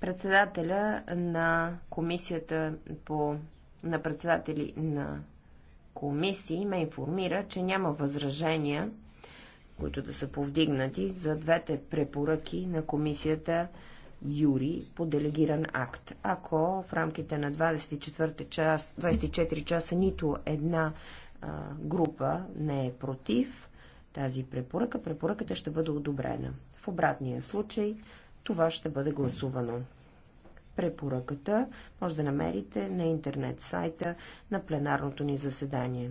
Председателя на комисията по, на председатели на комисии ме информира, че няма възражения, които да са повдигнати за двете препоръки на комисията Юри по делегиран акт. Ако в рамките на 24, час, 24 часа нито една а, група не е против тази препоръка, препоръката ще бъде одобрена. В обратния случай това ще бъде гласувано. Препоръката може да намерите на интернет сайта на пленарното ни заседание.